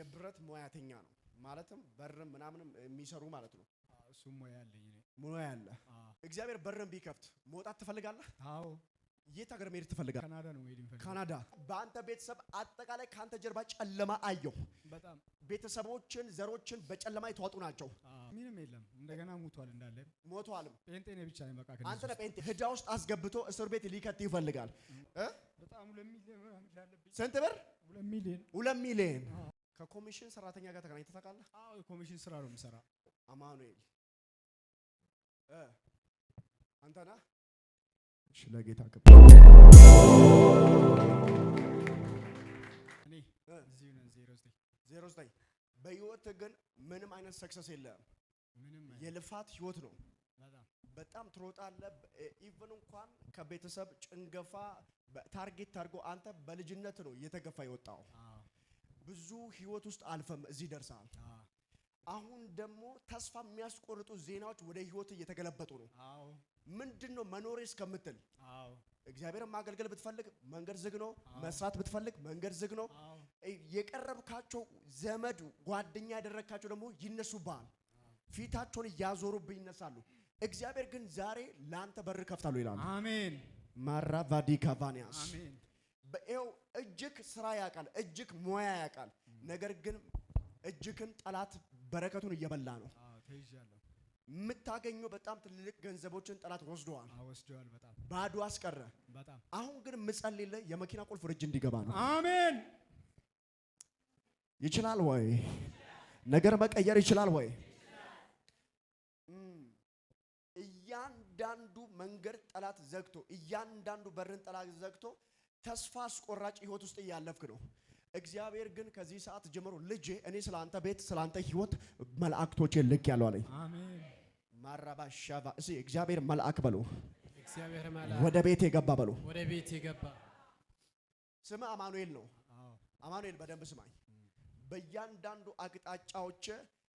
የብረት ሙያተኛ ነው ማለትም በርም ምናምንም የሚሰሩ ማለት ነው። እሱ ሙያ ያለኝ ሙያ ያለ እግዚአብሔር በርም ቢከፍት መውጣት ትፈልጋለህ? አዎ። የት ሀገር መሄድ ትፈልጋለህ? ካናዳ ነው መሄድ የምፈልገው። ካናዳ። በአንተ ቤተሰብ አጠቃላይ ከአንተ ጀርባ ጨለማ አየሁ። በጣም ቤተሰቦችን ዘሮችን በጨለማ የተዋጡ ናቸው። ምንም የለም። እንደገና ሞቷል እንዳለ ሞቷል። ጴንጤኔ ብቻ ነው በቃ። አንተ ለጴንጤ ህዳ ውስጥ አስገብቶ እስር ቤት ሊከት ይፈልጋል። በጣም ሁለት ሚሊዮን ስንት ብር? ሁለት ሚሊዮን ከኮሚሽን ሰራተኛ ጋር ተገናኝተህ ታውቃለህ? አዎ የኮሚሽን ስራ ነው የምሰራ። አማኑኤል አንተ እሺ ለጌታ ዜሮ ዘጠኝ በህይወት ግን ምንም አይነት ሰክሰስ የለም። የልፋት ህይወት ነው። በጣም ትሮጣለህ። ኢቨን እንኳን ከቤተሰብ ጭንገፋ ታርጌት ታድርጎ አንተ በልጅነት ነው እየተገፋ የወጣው ብዙ ህይወት ውስጥ አልፈም እዚህ ደርሳል አሁን ደግሞ ተስፋ የሚያስቆርጡ ዜናዎች ወደ ህይወት እየተገለበጡ ነው። ምንድን ነው መኖሬ እስከምትል እግዚአብሔርን ማገልገል ብትፈልግ መንገድ ዝግ ነው። መስራት ብትፈልግ መንገድ ዝግ ነው። የቀረብካቸው ዘመድ ጓደኛ ያደረግካቸው ደግሞ ይነሱብሃል። ፊታቸውን እያዞሩብህ ይነሳሉ። እግዚአብሔር ግን ዛሬ ለአንተ በር ከፍታሉ ይላሉ። አሜን ማራቫዲ ይኸው እጅግ ስራ ያውቃል፣ እጅግ ሙያ ያውቃል። ነገር ግን እጅግን ጠላት በረከቱን እየበላ ነው። የምታገኘው በጣም ትልልቅ ገንዘቦችን ጠላት ወስደዋል፣ ወስደዋል፣ ባዶ አስቀረ። አሁን ግን ምጸልይልህ የመኪና ቁልፍ እጅ እንዲገባ ነው። አሜን። ይችላል ወይ? ነገር መቀየር ይችላል ወይ? እያንዳንዱ መንገድ ጠላት ዘግቶ፣ እያንዳንዱ በርን ጠላት ዘግቶ ተስፋ አስቆራጭ ህይወት ውስጥ እያለፍክ ነው። እግዚአብሔር ግን ከዚህ ሰዓት ጀምሮ ልጄ እኔ ስለ አንተ ቤት ስለ አንተ ህይወት መላእክቶቼ ልክ ያለው አለኝ። ማራባሻባ እሺ፣ እግዚአብሔር መልአክ በሉ። ወደ ቤት የገባ በሉ። ወደ ቤት የገባ ስም አማኑኤል ነው። አማኑኤል በደንብ ስማኝ። በእያንዳንዱ አቅጣጫዎች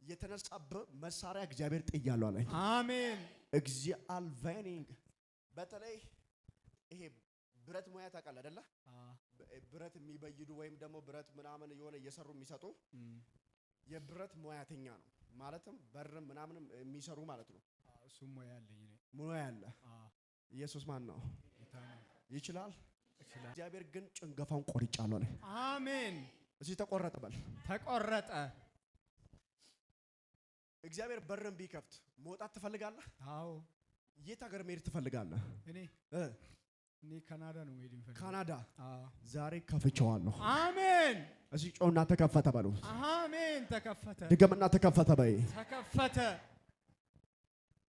የተነሳብ መሳሪያ እግዚአብሔር ጥያለሁ አለኝ። አሜን። እግዚአብሔር በተለይ ይሄ ብረት ሙያ ታውቃለህ አይደለ? ብረት የሚበይዱ ወይም ደግሞ ብረት ምናምን የሆነ እየሰሩ የሚሰጡ የብረት ሙያተኛ ነው። ማለትም በርም ምናምንም የሚሰሩ ማለት ነው። እሱ ሙያ አለኝ እኔ ሙያ አለ። ኢየሱስ ማን ነው? ይችላል። እግዚአብሔር ግን ጭንገፋውን ቆርጫለሁ ነው። አሜን። እዚህ ተቆረጠ በል ተቆረጠ። እግዚአብሔር በርን ቢከፍት መውጣት ትፈልጋለህ? አዎ። የት ሀገር መሄድ ትፈልጋለህ? እኔ እኔ ካናዳ ነው መሄድ የምፈልገው። ካናዳ ዛሬ ከፍቼዋለሁ። አሜን። እዚህ ጮና ተከፈተ በሉ። አሜን። ተከፈተ። ድገምና ተከፈተ በይ። ተከፈተ።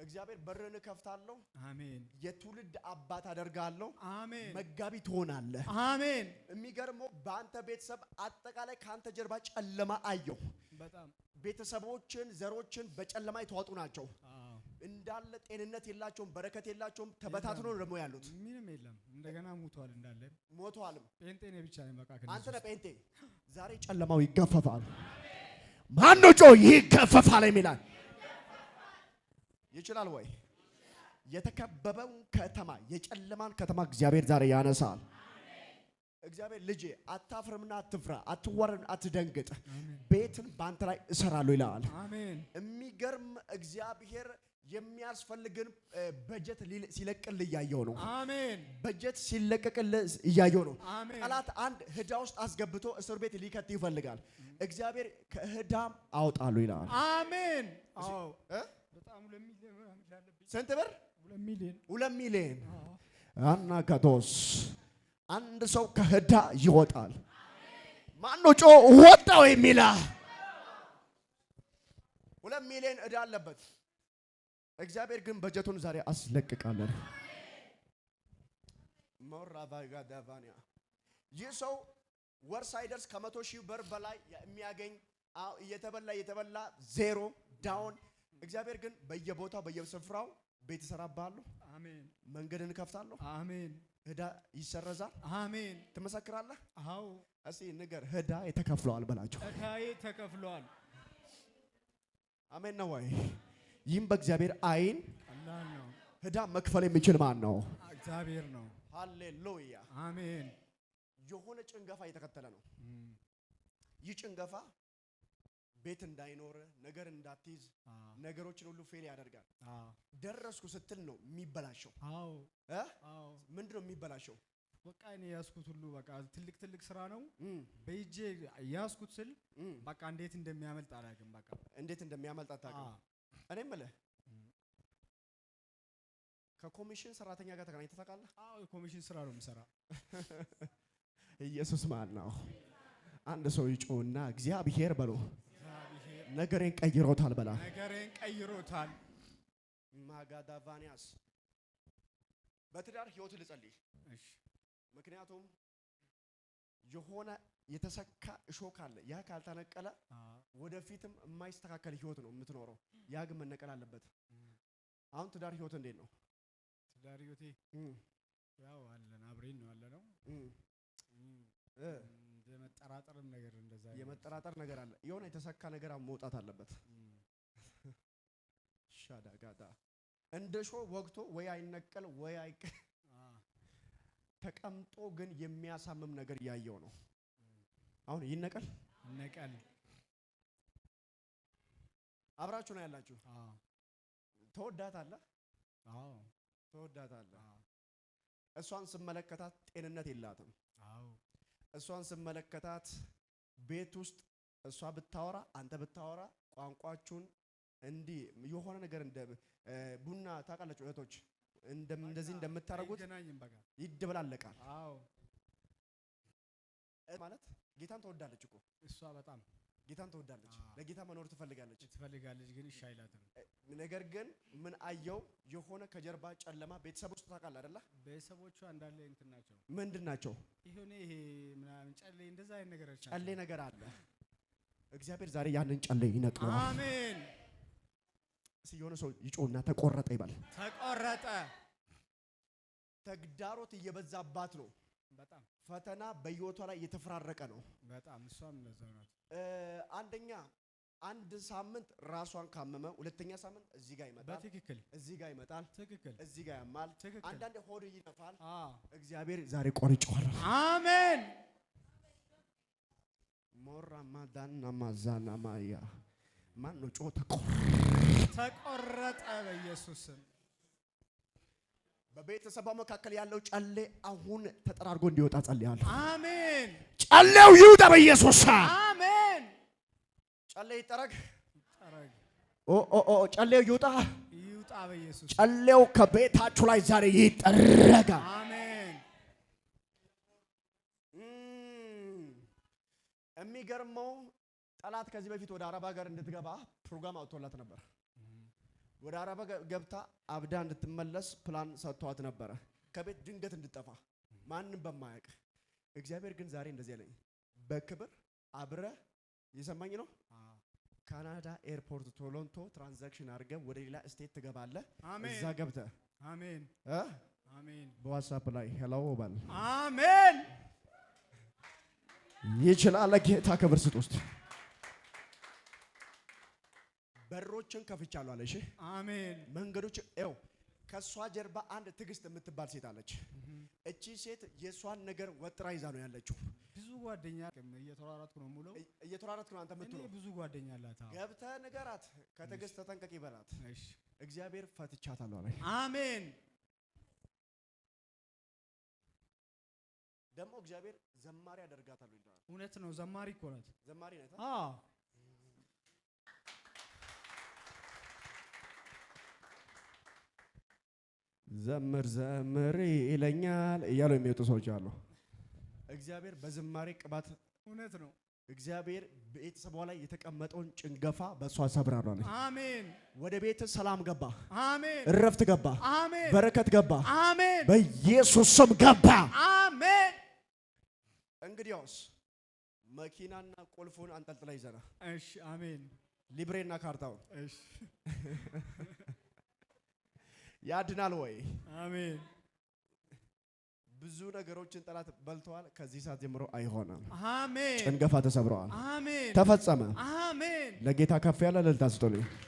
እግዚአብሔር በርን እከፍታለሁ። አሜን። የትውልድ አባት አደርጋለሁ። አሜን። መጋቢ ትሆናለህ። አሜን። የሚገርመው በአንተ ቤተሰብ አጠቃላይ ከአንተ ጀርባ ጨለማ አየሁ። በጣም ቤተሰቦችን ዘሮችን በጨለማ የተዋጡ ናቸው። እንዳለ ጤንነት የላቸውም፣ በረከት የላቸውም። ተበታትኖ ደግሞ ያሉት ምንም የለም። እንደገና ሞቷል፣ እንዳለ ሞቷልም። ጴንጤ ነኝ ብቻ ነኝ። በቃ አንተ ነህ ጴንጤ። ዛሬ ጨለማው ይገፈፋል። ማን ጮ ይገፈፋል የሚላል ይችላል ወይ? የተከበበውን ከተማ የጨለማን ከተማ እግዚአብሔር ዛሬ ያነሳል። እግዚአብሔር ልጄ አታፍርምና አትፍራ፣ አትዋረም፣ አትደንግጥ፣ ቤትን በአንተ ላይ እሰራለሁ ይላል። የሚገርም እግዚአብሔር የሚያስፈልግን በጀት ሲለቅል እያየው ነው። አሜን። በጀት ሲለቀቅል እያየው ነው። ጠላት አንድ ህዳ ውስጥ አስገብቶ እስር ቤት ሊከት ይፈልጋል። እግዚአብሔር ከህዳም አውጣሉ ይላል። አሜን። ስንት ብር? ሁለት ሚሊዮን አና ከቶስ አንድ ሰው ከህዳ ይወጣል። ማነው ጮ ወጣው የሚላ ሁለት ሚሊዮን እዳ አለበት እግዚአብሔር ግን በጀቱን ዛሬ አስለቅቃለን። ሞራቫጋዳቫኒያ ይህ ሰው ወር ሳይደርስ ከመቶ ሺህ ብር በላይ የሚያገኝ እየተበላ እየተበላ ዜሮ ዳውን። እግዚአብሔር ግን በየቦታው በየስፍራው ቤት ይሰራባሉ። አሜን። መንገድን እከፍታለሁ። አሜን። ህዳ ይሰረዛል። አሜን። ትመሰክራለህ? አዎ። እስኪ ንገር። ህዳ የተከፍለዋል በላቸው። ህዳዬ ተከፍለዋል። አሜን ነው ወይ? ይህም በእግዚአብሔር አይን ህዳ መክፈል የሚችል ማን ነው? እግዚአብሔር ነው። ሃሌሉያ አሜን። የሆነ ጭንገፋ እየተከተለ ነው። ይህ ጭንገፋ ቤት እንዳይኖር ነገር እንዳትይዝ ነገሮችን ሁሉ ፌል ያደርጋል። ደረስኩ ስትል ነው የሚበላሸው። ምንድን ነው የሚበላሸው? በቃ እኔ ያስኩት ሁሉ በቃ ትልቅ ትልቅ ስራ ነው። በእጄ ያስኩት ስል በቃ እንዴት እንደሚያመልጥ አላውቅም። በቃ እንዴት እንደሚያመልጥ አታውቅም። እኔ የምልህ ከኮሚሽን ሰራተኛ ጋር ተገናኝተህ ታውቃለህ? አዎ፣ የኮሚሽን ስራ ነው የምሰራ። ኢየሱስ ማን ነው? አንድ ሰው ይጮህና እግዚአብሔር በሎ ነገሬን ቀይሮታል በላ። ነገሬን ቀይሮታል። ማጋዳቫኒያስ በትዳር ህይወት ልጸልይ። ምክንያቱም የሆነ የተሰካ እሾህ ካለ ያ ካልተነቀለ ወደፊትም የማይስተካከል ህይወት ነው የምትኖረው። ያ ግን መነቀል አለበት። አሁን ትዳር ህይወት እንዴት ነው? ትዳር ህይወቴ ያው አለን አብሬን ነው ያለ ነው። የመጠራጠርም ነገር እንደዛ የመጠራጠር ነገር አለ። የሆነ የተሳካ ነገር መውጣት አለበት። ሻዳ እንደ ሾ ወቅቶ ወይ አይነቀል ወይ አይቀ ተቀምጦ ግን የሚያሳምም ነገር እያየው ነው። አሁን ይነቀል ይነቀል አብራችሁ ነው ያላችሁ። ተወዳታለህ፣ ተወዳታለህ። እሷን ስመለከታት ጤንነት የላትም። እሷን ስመለከታት ቤት ውስጥ እሷ ብታወራ አንተ ብታወራ ቋንቋችሁን እንዲህ የሆነ ነገር እንደ ቡና ታውቃላችሁ እህቶች እንደዚህ እንደምታደርጉት ይደበላለቃል ማለት ጌታን ተወዳለች እኮ እሷ በጣም ጌታን ትወዳለች፣ ለጌታ መኖር ትፈልጋለች ትፈልጋለች፣ ግን እሺ አይላትም። ነገር ግን ምን አየው? የሆነ ከጀርባ ጨለማ ቤተሰብ ውስጥ ታውቃለህ አይደለ? ቤተሰቦቹ እንዳለ እንትን ናቸው። ምንድን ናቸው? ይሄኔ ይሄ ምናምን ጨሌ እንደዛ አይነት ነገር አለ፣ ጨሌ ነገር አለ። እግዚአብሔር ዛሬ ያንን ጨሌ ይነቅለዋል። አሜን። የሆነ ሰው ይጮና ተቆረጠ ይባል። ተቆረጠ። ተግዳሮት እየበዛባት ነው በጣም ፈተና በህይወቷ ላይ እየተፈራረቀ ነው። በጣም እሷም እንደዛ ናት። አንደኛ አንድ ሳምንት ራሷን ካመመ፣ ሁለተኛ ሳምንት እዚህ ጋር ይመጣል። በትክክል እዚህ ጋር ይመጣል። ትክክል እዚህ ጋር ያማል። አንዳንዴ ሆድ ይነፋል። እግዚአብሔር ዛሬ ቆርጬዋለሁ። አሜን። ሞራ ማዳና ማዛና ማያ ማን ነው ጮ ተቆረጠ፣ ተቆረጠ በኢየሱስ ስም በቤተሰባ መካከል ያለው ጨሌ አሁን ተጠራርጎ እንዲወጣ ጸልያለሁ። አሜን። ጨሌው ይውጣ በኢየሱስ አሜን። ጨሌ ይጠረግ፣ ጨሌው ይውጣ፣ ይውጣ ጨሌው ከቤታችሁ ላይ ዛሬ ይጠረጋ። አሜን። የሚገርመው ጠላት ከዚህ በፊት ወደ አረብ ሀገር እንድትገባ ፕሮግራም አውጥቶላት ነበር። ወደ አረባ ገብታ አብዳ እንድትመለስ ፕላን ሰጥቷት ነበረ፣ ከቤት ድንገት እንድጠፋ ማንም በማያውቅ። እግዚአብሔር ግን ዛሬ እንደዚህ አለኝ፣ በክብር አብረ እየሰማኝ ነው። ካናዳ ኤርፖርት ቶሮንቶ ትራንዛክሽን አድርገ ወደ ሌላ ስቴት ትገባለ። እዛ ገብተ አሜን አሜን። በዋትሳፕ ላይ ሄሎ ባል አሜን። ይችላል። ጌታ ክብር ስጥ ውስጥ በሮችን ከፍቻለሁ አለ። እሺ አሜን። መንገዶች ው ከእሷ ጀርባ አንድ ትዕግስት የምትባል ሴት አለች። እቺ ሴት የእሷን ነገር ወጥራ ይዛ ነው ያለችው። ብዙ ጓደኛ እየተሯራጥኩ ነው ሙሉ እየተሯራጥኩ ነው አንተ የምትለው ብዙ ጓደኛ አላት። ገብተህ ንገራት፣ ከትዕግስት ተጠንቀቂ በላት። እግዚአብሔር ፈትቻታለሁ አለ። አሜን። ደግሞ እግዚአብሔር ዘማሪ ያደርጋታል። እውነት ነው። ዘማሪ እኮ ናት። ዘማሪ ናት። አዎ ዘምር ዘምር ይለኛል እያሉ የሚወጡ ሰዎች አሉ። እግዚአብሔር በዝማሬ ቅባት እውነት ነው። እግዚአብሔር ቤተሰቧ ላይ የተቀመጠውን ጭንገፋ በእሷ ሰብራሏል። አሜን። ወደ ቤት ሰላም ገባ። አሜን። እረፍት ገባ። አሜን። በረከት ገባ። አሜን። በኢየሱስ ስም ገባ። አሜን። እንግዲያውስ መኪናና ቁልፉን አንጠልጥላ ይዘና። እሺ። አሜን። ሊብሬና ካርታውን። እሺ ያድናል ወይ? አሜን። ብዙ ነገሮችን ጠላት በልተዋል። ከዚህ ሰዓት ጀምሮ አይሆንም። አሜን። ጭንገፋ ተሰብረዋል። አሜን። ተፈጸመ። አሜን። ለጌታ ከፍ ያለ እልልታ ስጡልኝ።